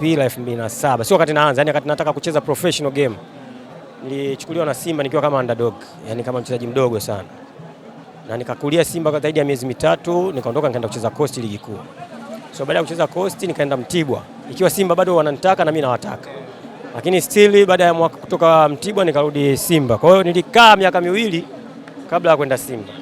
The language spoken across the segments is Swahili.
mpira 2007. Sio wakati naanza, yani wakati nataka kucheza professional game. Nilichukuliwa na Simba nikiwa kama underdog, yani kama mchezaji mdogo sana. Na nikakulia Simba kwa zaidi ya miezi mitatu, nikaondoka nikaenda kucheza Coast ligi kuu. So baada ya kucheza Coast nikaenda Mtibwa. Ikiwa Simba bado wananitaka na mimi nawataka. Lakini still baada ya mwaka kutoka Mtibwa nikarudi Simba. Kwa hiyo nilikaa miaka miwili kabla ya kwenda Simba.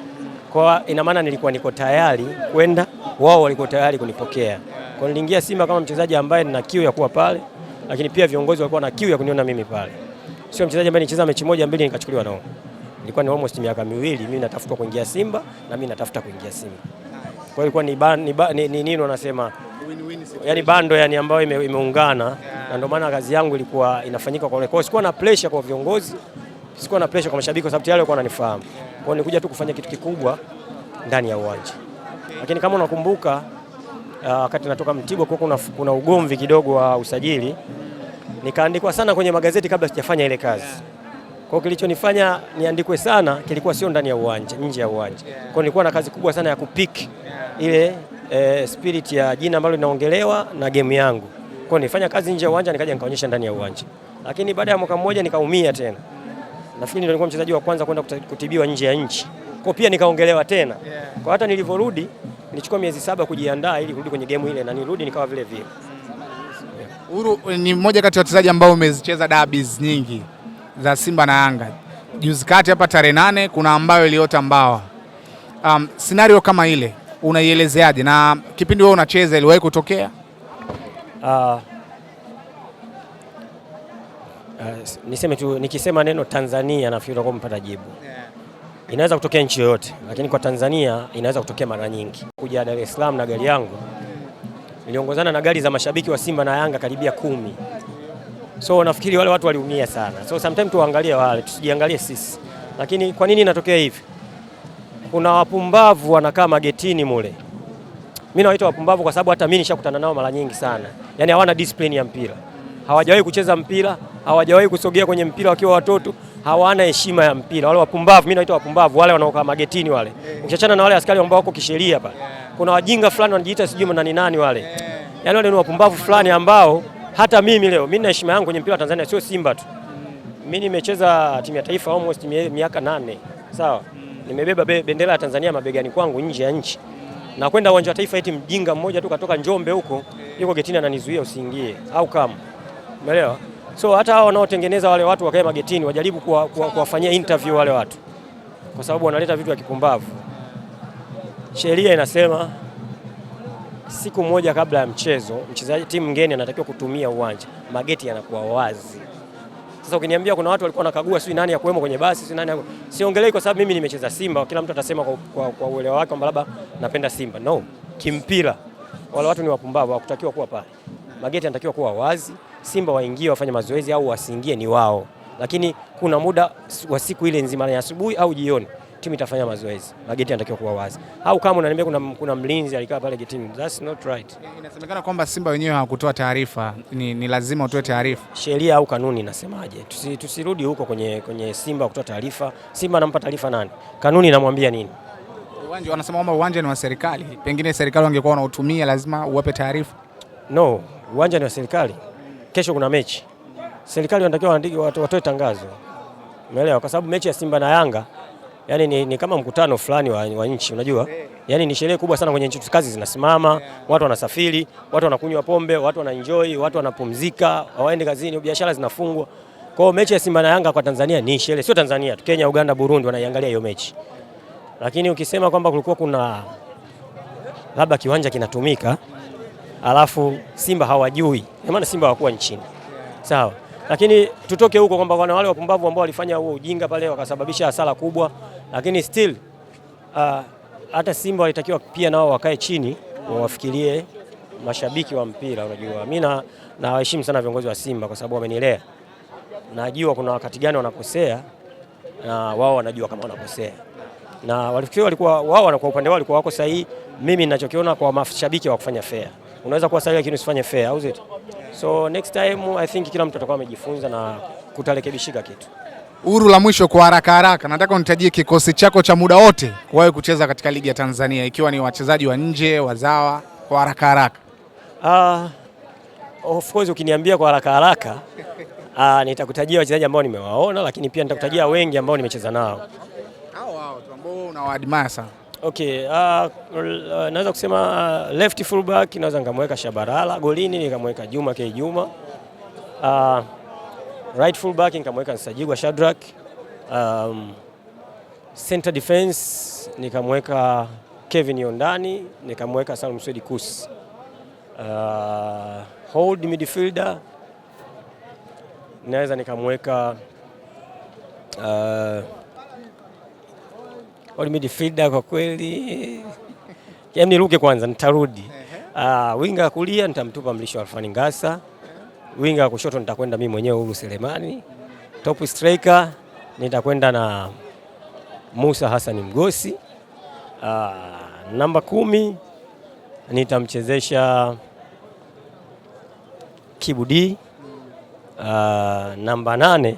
Kwa ina maana nilikuwa niko tayari kwenda, wao walikuwa tayari kunipokea. Kwa niliingia Simba kama mchezaji ambaye nina kiu ya kuwa pale, lakini pia viongozi walikuwa na kiu ya kuniona mimi pale. Sio mchezaji ambaye nilicheza mechi moja mbili nikachukuliwa nao. Nilikuwa ni almost miaka miwili mimi natafuta kuingia Simba na mimi natafuta kuingia Simba. Kwa hiyo ilikuwa ni ni ni nini wanasema? Yaani bando yani ambayo imeungana ime, imeungana na ndio maana kazi yangu ilikuwa inafanyika kwa leo. sikuwa na pressure kwa viongozi, sikuwa na pressure kwa mashabiki kwa sababu tayari walikuwa wananifahamu. Kwa hiyo nilikuja tu kufanya kitu kikubwa ndani ya uwanja. Lakini kama unakumbuka Ah, wakati natoka Mtibwa kwa kuna, kuna ugomvi kidogo wa usajili, nikaandikwa sana kwenye magazeti kabla sijafanya ile kazi. Kwa hiyo kilichonifanya niandikwe sana kilikuwa sio ndani ya uwanja, nje ya uwanja. Kwa hiyo nilikuwa na kazi kubwa sana ya kupick ile eh, spirit ya jina ambalo linaongelewa na game yangu. Kwa hiyo nilifanya kazi nje ya uwanja, nikaja nikaonyesha ndani ya uwanja, lakini baada ya mwaka mmoja nikaumia tena. Nafikiri ndio nilikuwa mchezaji wa kwanza kwenda kutibiwa nje ya nchi, kwa pia nikaongelewa tena, kwa hata nilivyorudi nilichukua miezi saba kujiandaa ili kurudi kwenye game ile na nirudi nikawa vile vile. Uru ni mmoja kati ya wachezaji ambao umezicheza dabis nyingi za Simba na Yanga. Juzi kati hapa tarehe nane kuna ambayo iliota mbawa. Um, scenario kama ile unaielezeaje? Na kipindi wewe unacheza iliwahi kutokea? Uh, Uh, niseme tu nikisema neno Tanzania nafikiri utakuwa umepata jibu. Yeah inaweza kutokea nchi yoyote, lakini kwa Tanzania inaweza kutokea mara nyingi. Kuja Dar es Salaam na gari yangu niliongozana na gari za mashabiki wa Simba na Yanga karibia kumi, so nafikiri wale watu waliumia sana. So sometimes tuangalie wale, tusijiangalie sisi. Lakini kwa nini inatokea hivi? Kuna wapumbavu wanakaa magetini mule. Mimi nawaita wapumbavu kwa sababu hata mimi nishakutana nao mara nyingi sana. Yaani hawana discipline ya mpira, hawajawahi kucheza mpira, hawajawahi kusogea kwenye mpira wakiwa watoto hawana heshima ya mpira, wale wapumbavu, mimi naitwa wapumbavu, wale wanaokaa magetini wale. Ukiachana na wale askari ambao wako kisheria pale, kuna wajinga fulani wanajiita sijui nani nani wale, yani wale ni wapumbavu fulani ambao hata mimi leo, mimi na heshima yangu kwenye mpira wa Tanzania sio Simba tu. Mm. Mimi nimecheza timu ya taifa almost miaka nane, sawa. Mm. Nimebeba bendera ya Tanzania mabegani kwangu nje ya nchi na kwenda uwanja wa taifa, eti mjinga mmoja tu katoka Njombe huko yuko getini ananizuia usiingie, au kama umeelewa So hata hao wanaotengeneza wale watu wakae magetini wajaribu kuwafanyia interview wale watu, kwa sababu wanaleta vitu vya kipumbavu. Sheria inasema siku moja kabla ya mchezo mchezaji timu ngeni anatakiwa kutumia uwanja, mageti yanakuwa wazi. Sasa ukiniambia kuna watu walikuwa wanakagua, sio nani ya kuwemo kwenye basi, sio nani, siongelei kwa sababu mimi nimecheza Simba. Kila mtu atasema kwa, kwa, kwa uelewa wake kwamba labda napenda Simba. No, kimpira wale watu ni wapumbavu, hawakutakiwa kuwa pale. Mageti yanatakiwa kuwa wazi. Simba waingie wafanye mazoezi au wasiingie ni wao, lakini kuna muda wa siku ile nzima ya asubuhi au jioni timu itafanya mazoezi, mageti yanatakiwa kuwa wazi. Au kama unaniambia kuna, kuna mlinzi alikaa pale getini, that's not right. Inasemekana kwamba Simba wenyewe hawakutoa taarifa, ni, ni lazima utoe taarifa. Sheria au kanuni inasemaje? Tusi, tusirudi huko kwenye, kwenye Simba kutoa taarifa. Simba anampa taarifa nani? Kanuni inamwambia nini? Uwanja wanasema kwamba uwanja ni wa serikali, pengine serikali wangekuwa wanautumia, lazima uwape taarifa. No, uwanja ni wa serikali kesho kuna mechi, serikali wanatakiwa watoe tangazo, umeelewa? Kwa sababu mechi ya Simba na Yanga yani ni, ni kama mkutano fulani wa, wa nchi unajua, yani ni sherehe kubwa sana kwenye nchi. Kazi zinasimama, watu wanasafiri, watu wanakunywa pombe, watu wanaenjoy, watu wanapumzika, waende kazini, biashara zinafungwa. Kwa hiyo mechi ya Simba na Yanga kwa Tanzania ni sherehe, sio Tanzania tu, Kenya, Uganda, Burundi wanaiangalia hiyo mechi. Lakini ukisema kwamba kulikuwa kuna labda kiwanja kinatumika alafu Simba hawajui, maana Simba hawakuwa nchini, sawa. Lakini tutoke huko kwamba wana wale wapumbavu ambao walifanya huo ujinga pale wakasababisha hasara kubwa, lakini still uh, hata Simba walitakiwa pia nao wakae chini wafikirie mashabiki wa mpira. Unajua, mimi na nawaheshimu sana viongozi wa Simba kwa sababu wamenilea, najua kuna wakati gani wanakosea na wao wanajua kama wanakosea, na walikuwa wao, kwa upande wao walikuwa wako sahihi. Mimi ninachokiona kwa mashabiki wa kufanya fair unaweza kuwa sahihi lakini usifanye fair, au zito. So next time I think kila mtu atakuwa amejifunza na kutarekebishika kitu. Uhuru, la mwisho kwa haraka haraka, nataka unitajie kikosi chako cha muda wote kuwahi kucheza katika ligi ya Tanzania, ikiwa ni wachezaji wa nje, wazawa, kwa haraka haraka. Uh, of course ukiniambia kwa haraka haraka uh, nitakutajia wachezaji ambao nimewaona, lakini pia nitakutajia wengi ambao nimecheza nao, hao hao tu ambao unawaadmire sana. Okay, uh, uh, naweza kusema uh, left fullback naweza nikamweka shabarala golini, nikamweka Juma K Juma. Uh, right fullback nikamweka Nsajigwa Shadrack. Um, center defense nikamweka Kevin Yondani, nikamweka Salum Swedi Kus. Uh, hold midfielder naweza nikamweka uh, all midfielder kwa kweli yaani niruke kwanza, nitarudi uh, winga kulia nitamtupa Mlisho Alfani Ngasa, winga kushoto nitakwenda mimi mwenyewe Uhuru Selemani, top striker nitakwenda na Musa Hassan Mgosi. Uh, namba kumi nitamchezesha Kibudi. Uh, ah, namba nane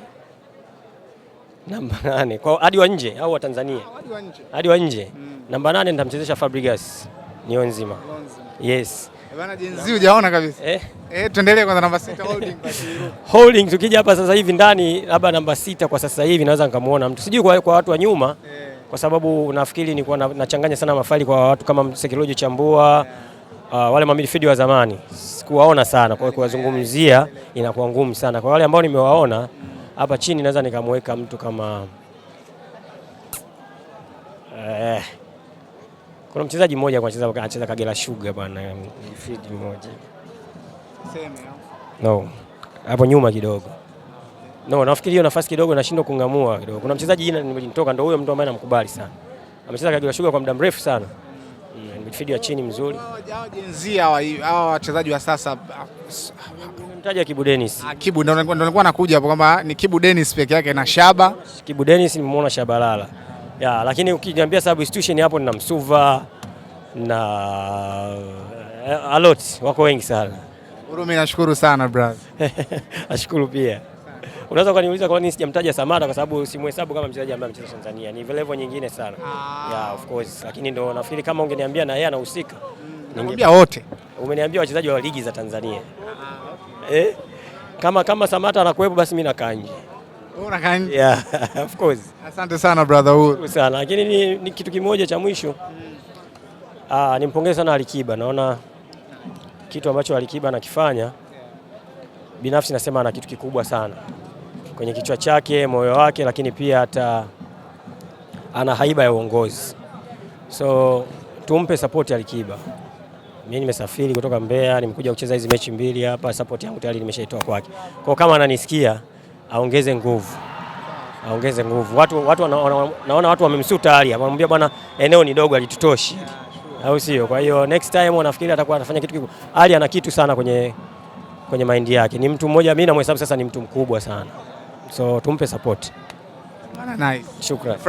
Namba nane kwa hadi wa nje au wa Tanzania hadi ah, wa nje mm. Namba nane nitamchezesha Fabregas nio nzima yes. Bana jenzi hujaona kabisa eh? Eh, tuendelee kwanza namba sita holding basi. Holding tukija hapa sasa hivi ndani labda namba sita kwa sasa hivi naweza nikamuona mtu sijui kwa, kwa watu wa nyuma eh. Kwa sababu nafikiri nilikuwa nachanganya sana mafaili kwa watu kama Sekiloji Chambua yeah. Eh. Uh, wale midfield wa zamani sikuwaona sana, kwa hiyo kuwazungumzia eh, eh, inakuwa ngumu sana kwa wale ambao nimewaona hapa chini naweza nikamweka mtu kama eh, kuna mchezaji mmoja anacheza Kagera Sugar bwana, feed mmoja no, hapo nyuma kidogo no, nafikiri hiyo nafasi kidogo nashindwa kungamua kidogo. Kuna mchezaji jina nimejitoka, ndio huyo mtu ambaye namkubali sana, amecheza Kagera Sugar kwa muda mrefu sana mm, midfield ya chini mzuri. Hawa wachezaji wa sasa Mtaja Kibu Dennis. Ah, Kibu ndio ndio alikuwa anakuja hapo kwamba ni Kibu Dennis peke yake na Shaba. Kibu Dennis nimemwona Shabalala. Ya, lakini ukiniambia substitution hapo nina Msuva na eh, a lot wako wengi sana. Urumi nashukuru sana brother. Nashukuru pia. Unaweza kuniuliza kwa nini sijamtaja Samata kwa sababu simuhesabu kama mchezaji ambaye amecheza Tanzania. Ni level nyingine sana. Ah. Ya, of course. Lakini ndio nafikiri kama ungeniambia na yeye anahusika. Mm, Ningeambia wote. Umeniambia wachezaji wa ligi za Tanzania eh? Kama kama Samata anakuwepo basi mimi nakaa nje. Unakaa nje? Yeah, of course. Asante sana brother Uhuru. Sana. Lakini ni, ni kitu kimoja cha mwisho. Hmm. Ah, nimpongeze sana Alikiba. Naona kitu ambacho Alikiba anakifanya binafsi nasema ana kitu kikubwa sana kwenye kichwa chake, moyo wake, lakini pia hata ana haiba ya uongozi. So tumpe support Alikiba mimi nimesafiri kutoka Mbeya, nimekuja kucheza hizi mechi mbili hapa, support yangu tayari nimeshaitoa kwake. Kwa kama ananisikia aongeze nguvu, aongeze nguvu. Watu, watu naona watu wamemsuta tayari, wamwambia bwana, eneo ni dogo alitutoshi, au sio? Kwa hiyo next time wanafikiri atakuwa anafanya kitu kikubwa. Ali ana kitu sana kwenye, kwenye maindi yake, ni mtu mmoja, mimi namhesabu sasa ni mtu mkubwa sana, so tumpe support. Nice. Shukrani.